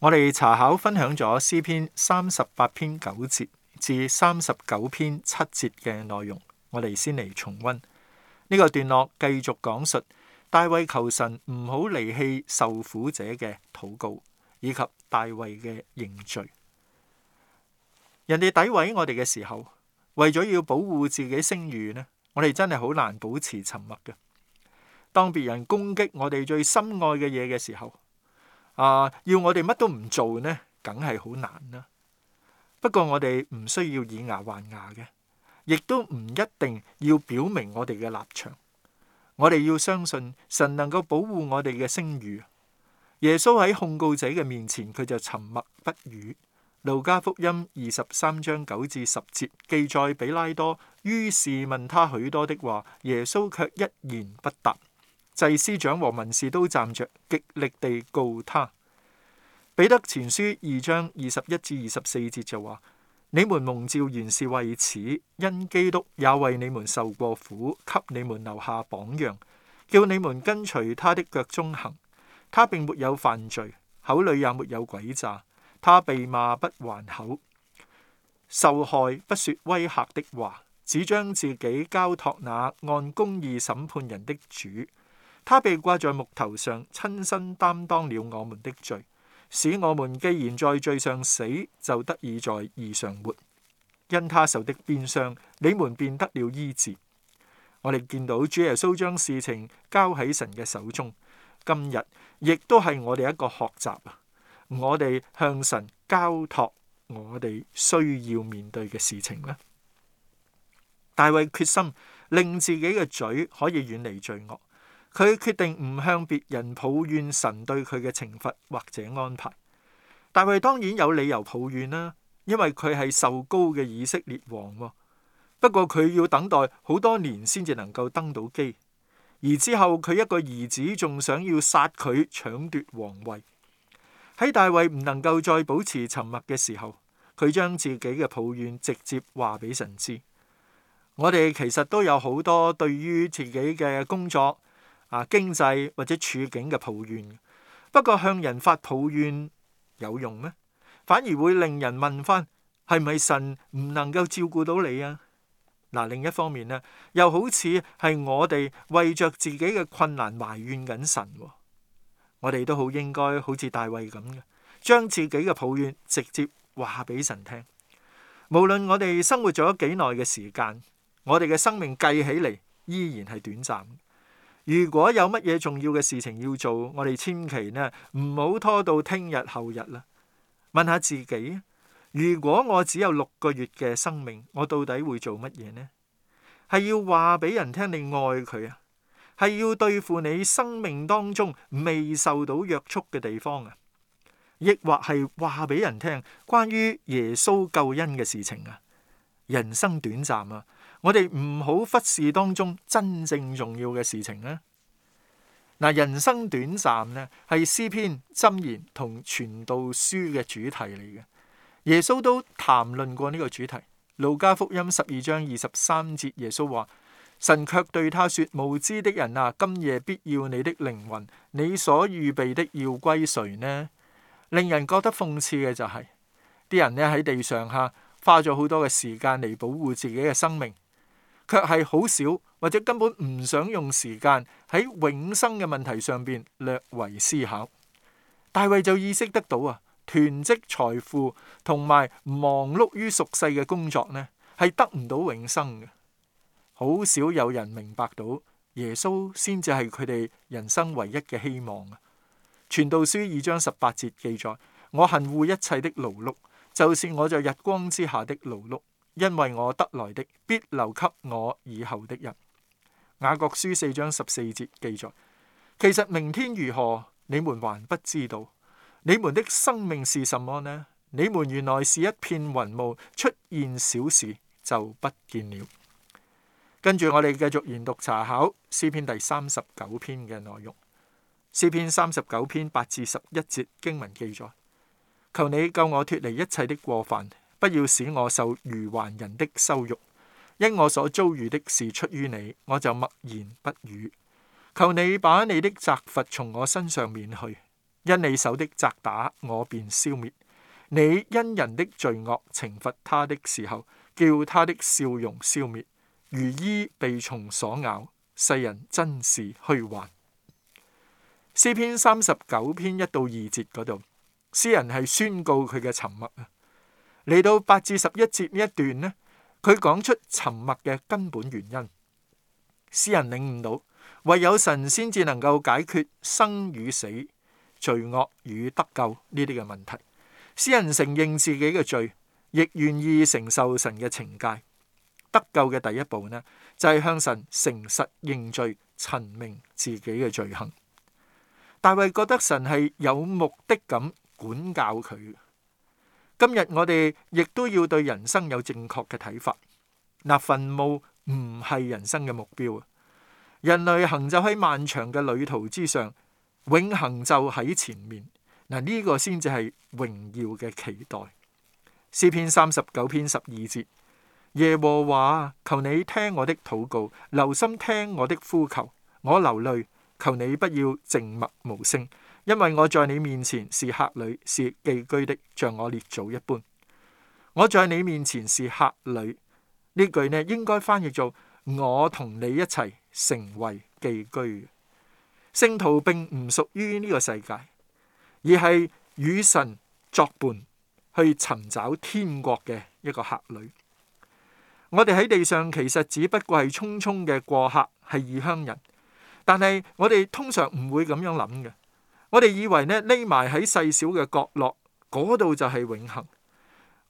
我哋查考分享咗詩篇三十八篇九節至三十九篇七節嘅內容，我哋先嚟重溫呢、這個段落，繼續講述大衛求神唔好離棄受苦者嘅禱告，以及大衛嘅認罪。人哋詆毀我哋嘅時候，為咗要保護自己聲譽呢，我哋真係好難保持沉默嘅。當別人攻擊我哋最深愛嘅嘢嘅時候，啊！要我哋乜都唔做呢？梗係好難啦、啊。不過我哋唔需要以牙還牙嘅，亦都唔一定要表明我哋嘅立場。我哋要相信神能夠保護我哋嘅聲譽。耶穌喺控告者嘅面前，佢就沉默不語。路加福音二十三章九至十節記載：比拉多於是問他許多的話，耶穌卻一言不答。祭司長和文士都站着，極力地告他。彼得前書二章二十一至二十四節就話：你們蒙召原是為此，因基督也為你們受過苦，給你們留下榜樣，叫你們跟隨他的腳蹤行。他並沒有犯罪，口裏也沒有詭詐，他被罵不還口，受害不說威嚇的話，只將自己交託那按公義審判人的主。他被掛在木頭上，親身擔當了我們的罪，使我們既然在罪上死，就得以在義上活。因他受的鞭傷，你們便得了醫治。我哋見到主耶穌將事情交喺神嘅手中，今日亦都係我哋一個學習啊！我哋向神交託我哋需要面對嘅事情咧。大衛決心令自己嘅嘴可以遠離罪惡。佢決定唔向別人抱怨神對佢嘅懲罰或者安排。大衛當然有理由抱怨啦，因為佢係受高嘅以色列王。不過佢要等待好多年先至能夠登到基，而之後佢一個兒子仲想要殺佢搶奪皇位。喺大衛唔能夠再保持沉默嘅時候，佢將自己嘅抱怨直接話俾神知。我哋其實都有好多對於自己嘅工作。啊，經濟或者處境嘅抱怨，不過向人發抱怨有用咩？反而會令人問返，係咪神唔能夠照顧到你啊？嗱，另一方面咧，又好似係我哋為着自己嘅困難埋怨緊神。我哋都好應該好似大衛咁嘅，將自己嘅抱怨直接話俾神聽。無論我哋生活咗幾耐嘅時間，我哋嘅生命計起嚟依然係短暫。如果有乜嘢重要嘅事情要做，我哋千祈呢唔好拖到聽日後日啦。問下自己，如果我只有六個月嘅生命，我到底會做乜嘢呢？係要話俾人聽你愛佢啊？係要對付你生命當中未受到約束嘅地方啊？抑或係話俾人聽關於耶穌救恩嘅事情啊？人生短暫啊！我哋唔好忽視當中真正重要嘅事情呢嗱，人生短暫咧，係詩篇箴言同傳道書嘅主題嚟嘅。耶穌都談論過呢個主題。路加福音十二章二十三節，耶穌話：神卻對他說：無知的人啊，今夜必要你的靈魂。你所預備的要歸誰呢？令人覺得諷刺嘅就係、是、啲人呢喺地上下，花咗好多嘅時間嚟保護自己嘅生命。卻係好少，或者根本唔想用時間喺永生嘅問題上邊略為思考。大衛就意識得到啊，囤積財富同埋忙碌於俗世嘅工作呢，係得唔到永生嘅。好少有人明白到耶穌先至係佢哋人生唯一嘅希望啊！傳道書二章十八節記載：我恨惡一切的勞碌，就算我在日光之下的勞碌。因為我得來的必留給我以後的人。雅各書四章十四節記載：其實明天如何，你們還不知道。你們的生命是什麼呢？你們原來是一片雲霧，出現小事就不見了。跟住我哋繼續研讀查考詩篇第三十九篇嘅內容。詩篇三十九篇八至十一節經文記載：求你救我脫離一切的過犯。不要使我受愚頑人的羞辱，因我所遭遇的事出於你，我就默言不語。求你把你的責罰從我身上免去，因你手的責打我便消滅。你因人的罪惡懲罰他的時候，叫他的笑容消滅，如衣被蟲所咬。世人真是虛幻。詩篇三十九篇一到二節嗰度，詩人係宣告佢嘅沉默嚟到八至十一節呢一段呢，佢講出沉默嘅根本原因。詩人領悟到，唯有神先至能夠解決生與死、罪惡與得救呢啲嘅問題。詩人承認自己嘅罪，亦願意承受神嘅懲戒。得救嘅第一步呢，就係向神誠實認罪，陳明自己嘅罪行。大衛覺得神係有目的咁管教佢。今日我哋亦都要對人生有正確嘅睇法。嗱、呃，墳墓唔係人生嘅目標啊！人類行走喺漫長嘅旅途之上，永恒就喺前面。嗱、呃，呢、這個先至係榮耀嘅期待。詩篇三十九篇十二節：耶和華，求你聽我的禱告，留心聽我的呼求。我流淚，求你不要靜默無聲。因為我在你面前是客旅，是寄居的，像我列祖一般。我在你面前是客旅，呢句呢應該翻譯做我同你一齊成為寄居。聖徒並唔屬於呢個世界，而係與神作伴去尋找天國嘅一個客旅。我哋喺地上其實只不過係匆匆嘅過客，係異鄉人。但係我哋通常唔會咁樣諗嘅。我哋以為呢，匿埋喺細小嘅角落，嗰度就係永恆。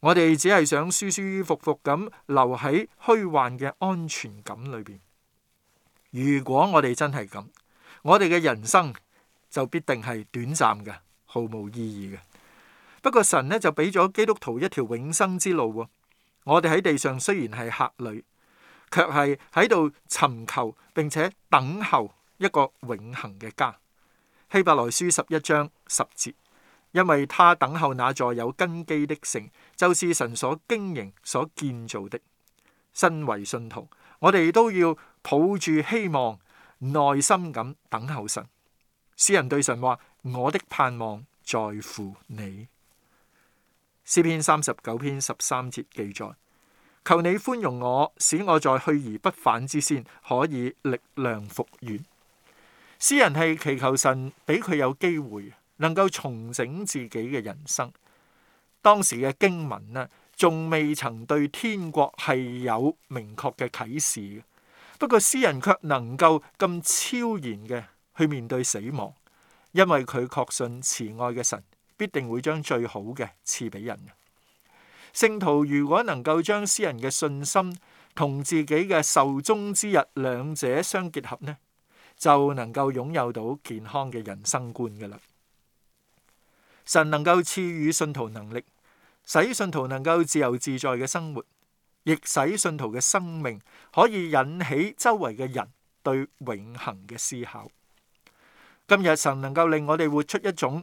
我哋只係想舒舒服服咁留喺虛幻嘅安全感裏邊。如果我哋真係咁，我哋嘅人生就必定係短暫嘅，毫無意義嘅。不過神呢，就俾咗基督徒一條永生之路喎。我哋喺地上雖然係客旅，卻係喺度尋求並且等候一個永恆嘅家。希伯來書十一章十節，因為他等候那座有根基的城，就是神所經營所建造的。身為信徒，我哋都要抱住希望，耐心咁等候神。詩人對神話：我的盼望在乎你。詩篇三十九篇十三節記載：求你寬容我，使我在去而不返之先，可以力量復原。詩人係祈求神俾佢有機會能夠重整自己嘅人生。當時嘅經文呢，仲未曾對天國係有明確嘅啟示嘅。不過，詩人卻能夠咁超然嘅去面對死亡，因為佢確信慈愛嘅神必定會將最好嘅賜俾人。聖徒如果能夠將詩人嘅信心同自己嘅壽終之日兩者相結合呢，就能夠擁有到健康嘅人生觀噶啦。神能夠賜予信徒能力，使信徒能夠自由自在嘅生活，亦使信徒嘅生命可以引起周圍嘅人對永恒嘅思考。今日神能夠令我哋活出一種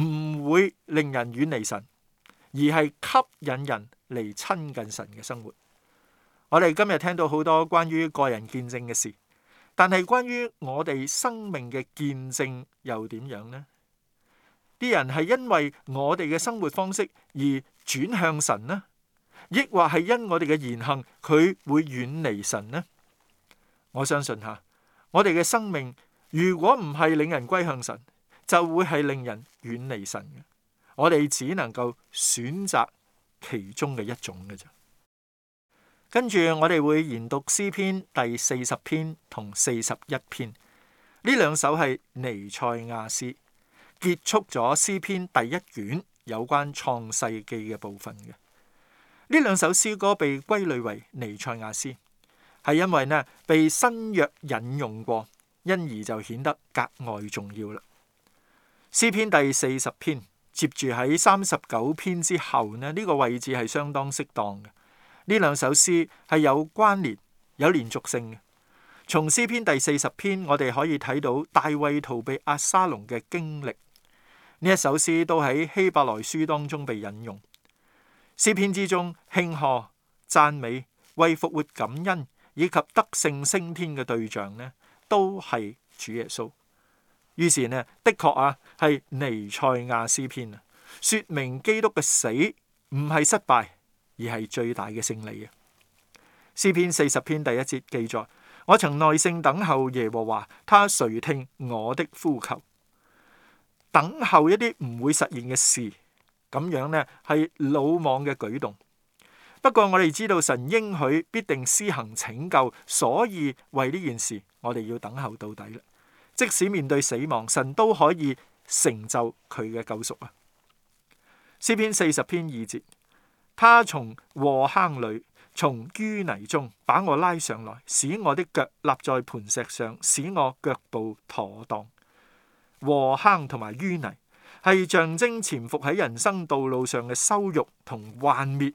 唔會令人遠離神，而係吸引人嚟親近神嘅生活。我哋今日聽到好多關於個人見證嘅事。但係關於我哋生命嘅見證又點樣呢？啲人係因為我哋嘅生活方式而轉向神呢？抑或係因我哋嘅言行佢會遠離神呢？我相信吓，我哋嘅生命如果唔係令人歸向神，就會係令人遠離神嘅。我哋只能夠選擇其中嘅一種嘅啫。跟住我哋會研讀詩篇第四十篇同四十一篇，呢兩首係尼塞亞詩，結束咗詩篇第一卷有關創世記嘅部分嘅。呢兩首詩歌被歸類為尼塞亞詩，係因為呢被新約引用過，因而就顯得格外重要啦。詩篇第四十篇接住喺三十九篇之後呢，呢、呢個位置係相當適當嘅。呢兩首詩係有關聯、有連續性嘅。從詩篇第四十篇，我哋可以睇到大衛逃避押沙龍嘅經歷。呢一首詩都喺希伯來書當中被引用。詩篇之中，慶賀、讚美、為復活感恩以及得勝升天嘅對象呢，都係主耶穌。於是呢，的確啊，係彌賽亞詩篇啊，說明基督嘅死唔係失敗，而係最大嘅勝利啊！詩篇四十篇第一節記載：我曾耐性等候耶和華，他垂聽我的呼求。等候一啲唔會實現嘅事，咁樣呢，係魯莽嘅舉動。不過我哋知道神應許必定施行拯救，所以為呢件事我哋要等候到底啦。即使面對死亡，神都可以成就佢嘅救贖啊！詩篇四十篇二節。他從禍坑裏，從淤泥中把我拉上來，使我的腳立在磐石上，使我腳步妥當。禍坑同埋淤泥係象徵潛伏喺人生道路上嘅羞辱同幻滅、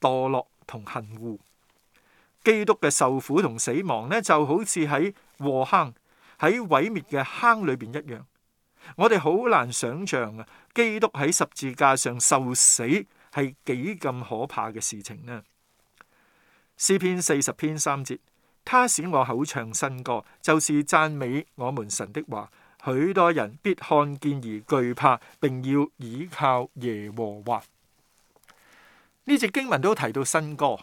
墮落同恨惡。基督嘅受苦同死亡呢，就好似喺禍坑、喺毀滅嘅坑裏邊一樣。我哋好難想象啊，基督喺十字架上受死。係幾咁可怕嘅事情呢？詩篇四十篇三節，他使我口唱新歌，就是讚美我們神的話。許多人必看見而懼怕，並要倚靠耶和華。呢節經文都提到新歌，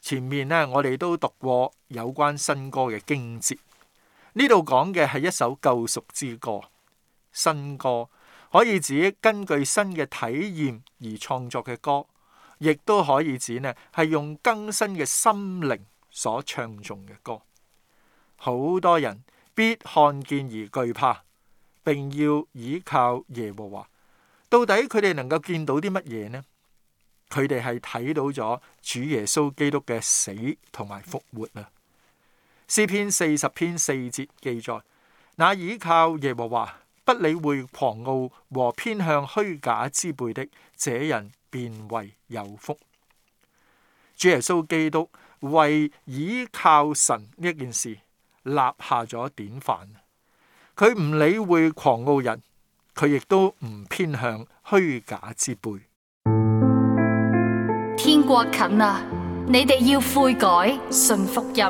前面呢我哋都讀過有關新歌嘅經節。呢度講嘅係一首救贖之歌，新歌。可以指根據新嘅體驗而創作嘅歌，亦都可以指呢係用更新嘅心靈所唱頌嘅歌。好多人必看見而懼怕，並要倚靠耶和華。到底佢哋能夠見到啲乜嘢呢？佢哋係睇到咗主耶穌基督嘅死同埋復活啊！詩篇四十篇四節記載：那倚靠耶和華。不理會狂傲和偏向虛假之輩的，這人便為有福。主耶穌基督為倚靠神呢件事立下咗典範。佢唔理會狂傲人，佢亦都唔偏向虛假之輩。天國近啊，你哋要悔改信福音。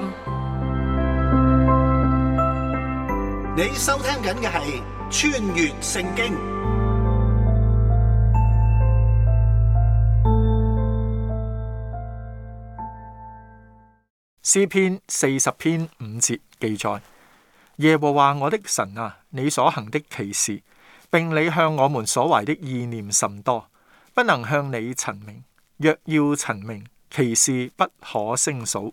你收聽緊嘅係。穿越聖經詩篇四十篇五節記載：耶和華我的神啊，你所行的奇事，並你向我們所懷的意念甚多，不能向你陳明。若要陳明，奇事不可勝數。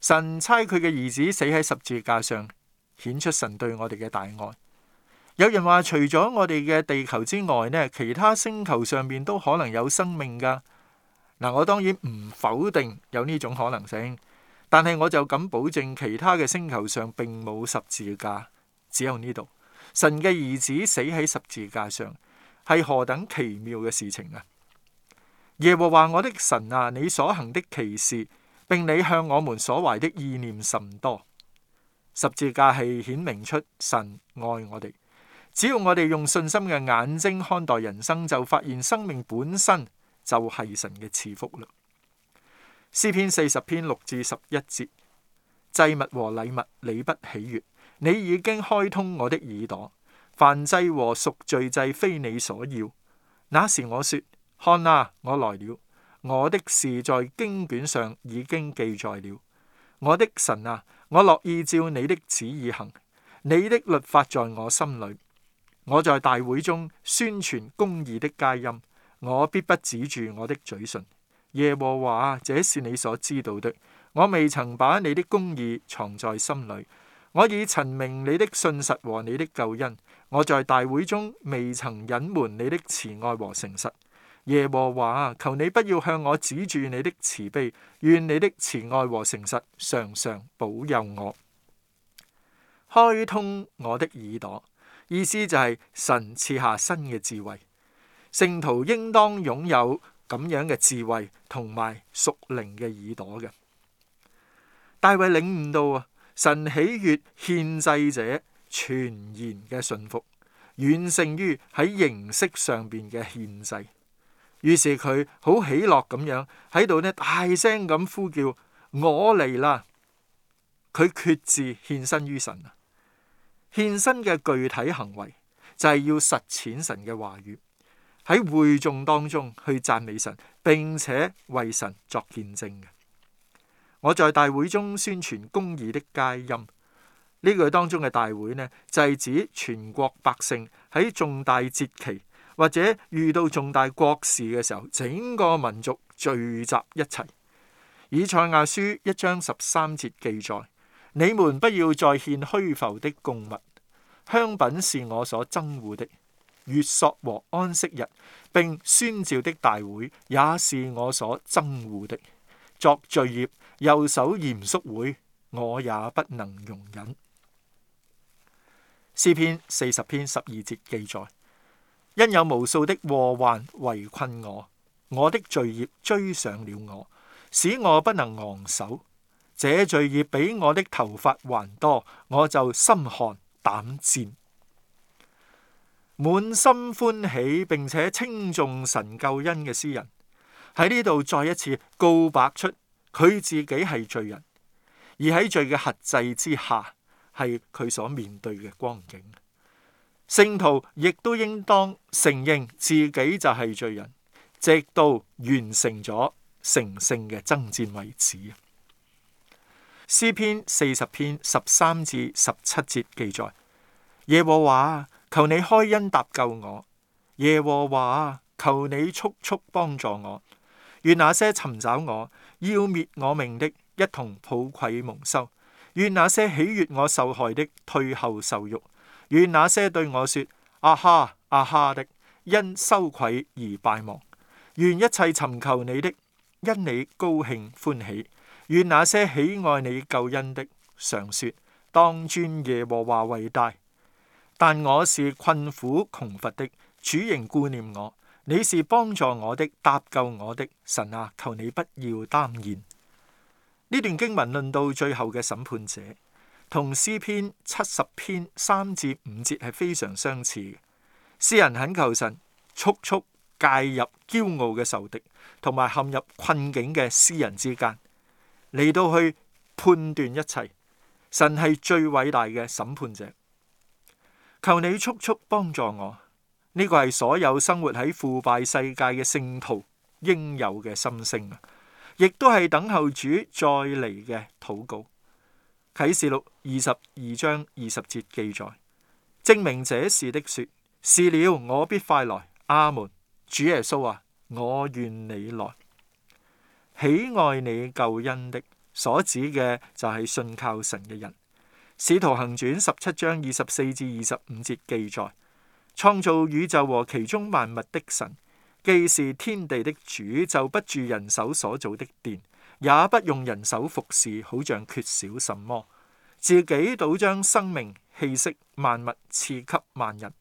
神差佢嘅兒子死喺十字架上，顯出神對我哋嘅大愛。有人話，除咗我哋嘅地球之外，呢其他星球上面都可能有生命噶。嗱，我當然唔否定有呢種可能性，但係我就敢保證，其他嘅星球上並冇十字架，只有呢度神嘅兒子死喺十字架上，係何等奇妙嘅事情啊！耶和華我的神啊，你所行的奇事，並你向我們所懷的意念甚多。十字架係顯明出神愛我哋。只要我哋用信心嘅眼睛看待人生，就發現生命本身就係神嘅賜福啦。詩篇四十篇六至十一節：祭物和禮物，你不喜悦，你已經開通我的耳朵。燔祭和贖罪祭非你所要。那時我說：看啊，我來了。我的事在經卷上已經記載了。我的神啊，我樂意照你的旨意行，你的律法在我心裏。我在大會中宣傳公義的佳音，我必不止住我的嘴唇。耶和華，這是你所知道的，我未曾把你的公義藏在心裏，我已陳明你的信實和你的救恩。我在大會中未曾隱瞞你的慈愛和誠實。耶和華，求你不要向我止住你的慈悲，願你的慈愛和誠實常常保佑我，開通我的耳朵。意思就係神賜下新嘅智慧，聖徒應當擁有咁樣嘅智慧同埋屬靈嘅耳朵嘅。大衛領悟到啊，神喜悅獻祭者全然嘅信服，遠勝於喺形式上邊嘅獻祭。於是佢好喜樂咁樣喺度咧大聲咁呼叫：我嚟啦！佢決志獻身於神獻身嘅具體行為就係、是、要實踐神嘅話語，喺會眾當中去讚美神，並且為神作見證嘅。我在大會中宣傳公義的佳音，呢句當中嘅大會呢就係、是、指全國百姓喺重大節期或者遇到重大國事嘅時候，整個民族聚集一齊。以賽亞書一章十三節記載。你們不要再獻虛浮的供物，香品是我所憎惡的；月朔和安息日，並宣召的大會也是我所憎惡的。作罪孽，又守嚴肅會，我也不能容忍。詩篇四十篇十二節記載：因有無數的禍患圍困我，我的罪孽追上了我，使我不能昂首。這罪孽比我的頭髮還多，我就心寒膽戰，滿心歡喜，並且稱頌神救恩嘅詩人喺呢度再一次告白出佢自己係罪人，而喺罪嘅轄制之下，係佢所面對嘅光景。聖徒亦都應當承認自己就係罪人，直到完成咗成聖嘅爭戰為止。詩篇四十篇十三至十七節記載：耶和華，求你開恩搭救我；耶和華，求你速速幫助我。願那些尋找我要滅我命的，一同抱愧蒙羞；願那些喜悦我受害的，退後受辱；願那些對我說阿哈阿哈的，因羞愧而敗亡。願一切尋求你的，因你高興歡喜。願那些喜愛你救恩的常說：當尊耶和華為大。但我是困苦窮乏的，主仍顧念我。你是幫助我的，搭救我的神啊！求你不要耽延。呢段經文論到最後嘅審判者，同詩篇七十篇三至五節係非常相似嘅。詩人懇求神速速介入驕傲嘅仇敵，同埋陷入困境嘅詩人之間。嚟到去判斷一切，神係最偉大嘅審判者。求你速速幫助我，呢個係所有生活喺腐敗世界嘅聖徒應有嘅心聲，亦都係等候主再嚟嘅禱告。啟示錄二十二章二十節記載，證明這事的說：是了，我必快來。阿門。主耶穌啊，我願你來。喜愛你救恩的，所指嘅就係信靠神嘅人。使徒行傳十七章二十四至二十五節記載，創造宇宙和其中萬物的神，既是天地的主，就不住人手所造的殿，也不用人手服侍，好像缺少什麼，自己倒將生命氣息萬物賜給萬人。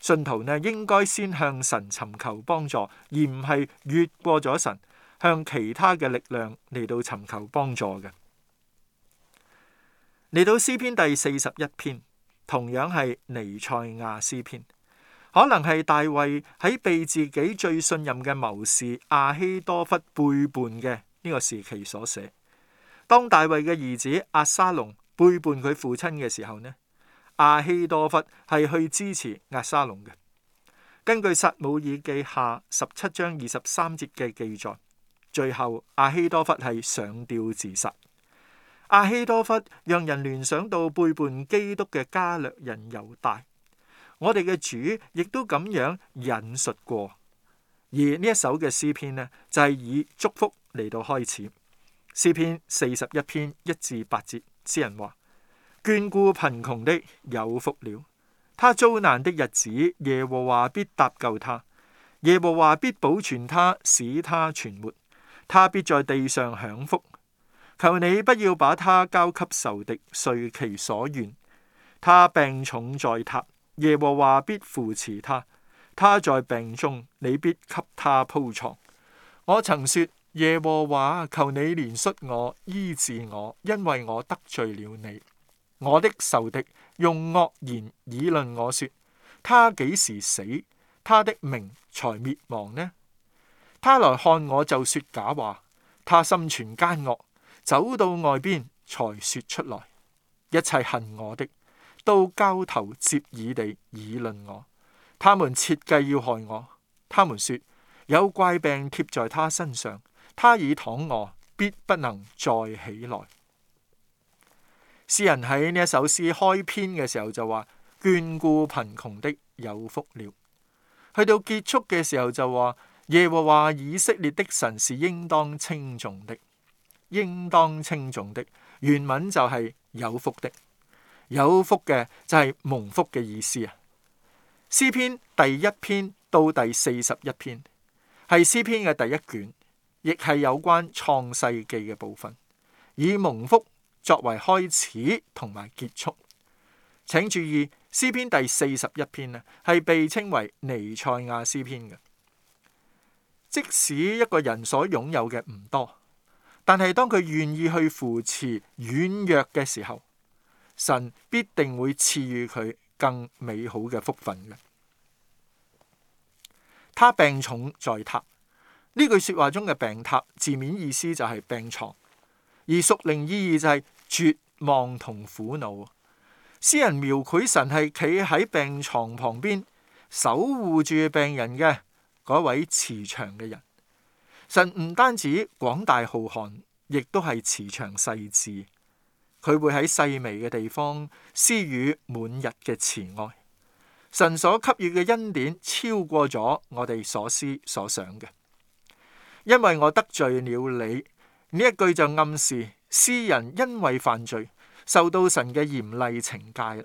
信徒呢，應該先向神尋求幫助，而唔係越過咗神，向其他嘅力量嚟到尋求幫助嘅。嚟到詩篇第四十一篇，同樣係尼塞亞詩篇，可能係大衛喺被自己最信任嘅謀士亞希多弗背叛嘅呢個時期所寫。當大衛嘅兒子押沙龍背叛佢父親嘅時候呢，亞希多弗係去支持押沙龍嘅。根據撒母耳記下十七章二十三節嘅記載。最後，阿希多弗係上吊自殺。阿希多弗讓人聯想到背叛基督嘅加略人猶大。我哋嘅主亦都咁樣引述過。而呢一首嘅詩篇呢，就係以祝福嚟到開始。詩篇四十一篇一至八節，詩人話：眷顧貧窮的有福了，他遭難的日子，耶和華必搭救他，耶和華必保存他，使他存活。他必在地上享福，求你不要把他交給仇敵，遂其所願。他病重在榻，耶和華必扶持他。他在病中，你必給他鋪床。我曾說：耶和華，求你憐恤我，醫治我，因為我得罪了你。我的仇敵用惡言議論我，說：他幾時死，他的名才滅亡呢？他來看我，就說假話。他心存奸惡，走到外邊才說出來。一切恨我的，都交頭接耳地議論我。他們設計要害我。他們說有怪病貼在他身上，他已躺臥，必不能再起來。詩人喺呢一首詩開篇嘅時候就話：眷顧貧窮的有福了。去到結束嘅時候就話：耶和華以色列的神是應當稱頌的，應當稱頌的原文就係有福的，有福嘅就係蒙福嘅意思啊。詩篇第一篇到第四十一篇係詩篇嘅第一卷，亦係有關創世記嘅部分，以蒙福作為開始同埋結束。請注意，詩篇第四十一篇呢係被稱為尼賽亞詩篇嘅。即使一個人所擁有嘅唔多，但係當佢願意去扶持軟弱嘅時候，神必定會賜予佢更美好嘅福分嘅。佢病重在榻，呢句說話中嘅病榻字面意思就係病床，而屬靈意義就係絕望同苦惱。詩人描繪神係企喺病床旁邊，守護住病人嘅。嗰位慈祥嘅人，神唔單止廣大浩瀚，亦都係慈祥細致。佢會喺細微嘅地方施予滿日嘅慈愛。神所給予嘅恩典超過咗我哋所思所想嘅。因為我得罪了你。呢一句就暗示詩人因為犯罪受到神嘅嚴厲懲戒。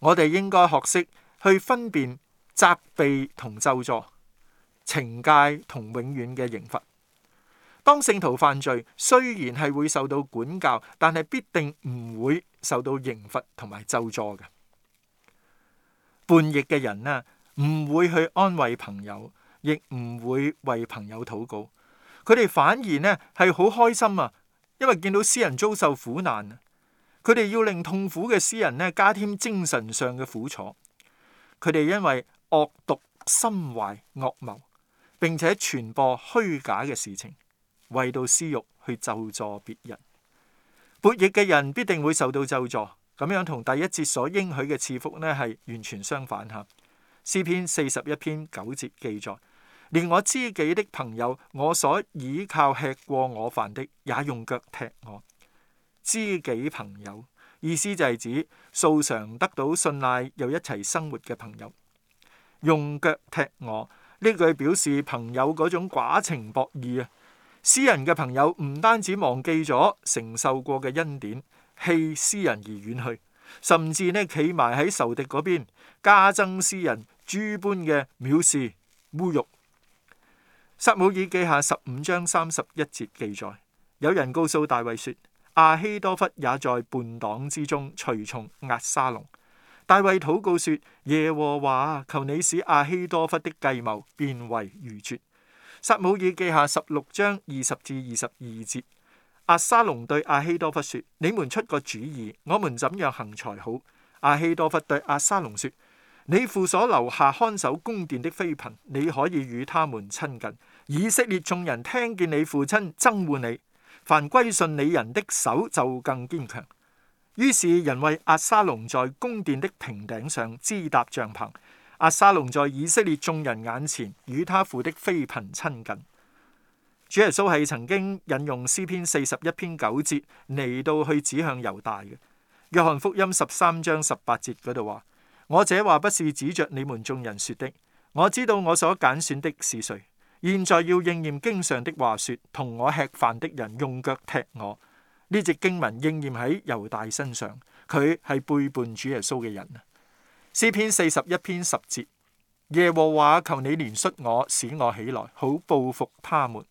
我哋應該學識去分辨責備同咒詛。懲戒同永遠嘅刑罰。當聖徒犯罪，雖然係會受到管教，但係必定唔會受到刑罰同埋咒詛㗎。叛逆嘅人呢，唔會去安慰朋友，亦唔會為朋友禱告。佢哋反而呢，係好開心啊，因為見到詩人遭受苦難，佢哋要令痛苦嘅詩人呢，加添精神上嘅苦楚。佢哋因為惡毒，心懷惡謀。並且傳播虛假嘅事情，為到私欲去咒詛別人，悖逆嘅人必定會受到咒詛，咁樣同第一節所應許嘅賜福呢係完全相反吓。詩篇四十一篇九節記載：連我知己的朋友，我所倚靠吃過我飯的，也用腳踢我。知己朋友意思就係指素常得到信賴又一齊生活嘅朋友，用腳踢我。呢句表示朋友嗰種寡情薄義啊！詩人嘅朋友唔單止忘記咗承受過嘅恩典，棄詩人而遠去，甚至呢企埋喺仇敵嗰邊，加增詩人諸般嘅藐視侮辱。撒母耳記下十五章三十一節記載，有人告訴大衛說：亞希多弗也在叛黨之中，隨從押沙龍。大衛禱告說：耶和華，求你使亞希多弗的計謀變為愚拙。撒母耳記下十六章二十至二十二節。阿沙龍對亞希多弗說：你們出個主意，我們怎樣行才好？亞希多弗對阿沙龍說：你父所留下看守宮殿的妃嬪，你可以與他們親近。以色列眾人聽見你父親憎惡你，凡歸順你人的手就更堅強。於是人為押沙龍在宮殿的平頂上支搭帳篷，押沙龍在以色列眾人眼前與他父的妃嬪親近。主耶穌係曾經引用詩篇四十一篇九節嚟到去指向猶大嘅。約翰福音十三章十八節嗰度話：我這話不是指着你們眾人說的，我知道我所揀選的是誰，現在要應驗經上的話說：同我吃飯的人用腳踢我。呢隻經文應驗喺猶大身上，佢係背叛主耶穌嘅人啊！詩篇四十一篇十節，耶和華求你憐恤我，使我起來，好報復他們。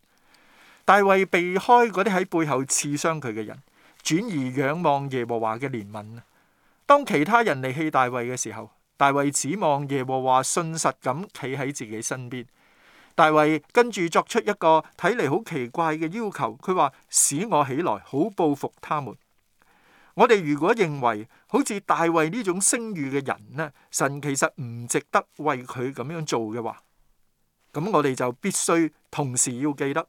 大衛避開嗰啲喺背後刺傷佢嘅人，轉而仰望耶和華嘅憐憫。當其他人離棄大衛嘅時候，大衛指望耶和華信實咁企喺自己身邊。大衛跟住作出一個睇嚟好奇怪嘅要求，佢話使我起來好報復他們。我哋如果認為好似大衛呢種聲譽嘅人呢，神其實唔值得為佢咁樣做嘅話，咁我哋就必須同時要記得，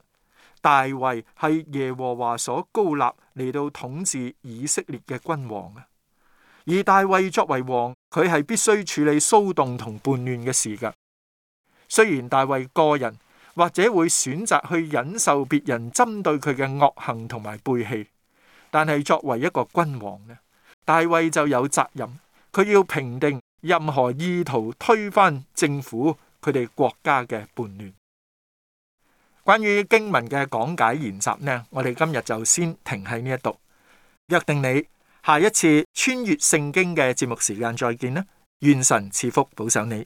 大衛係耶和華所高立嚟到統治以色列嘅君王啊。而大衛作為王，佢係必須處理騷動同叛亂嘅事㗎。雖然大衛個人或者會選擇去忍受別人針對佢嘅惡行同埋背棄，但係作為一個君王呢，大衛就有責任，佢要平定任何意圖推翻政府佢哋國家嘅叛亂。關於經文嘅講解研習呢，我哋今日就先停喺呢一度，約定你下一次穿越聖經嘅節目時間再見啦，願神賜福保守你。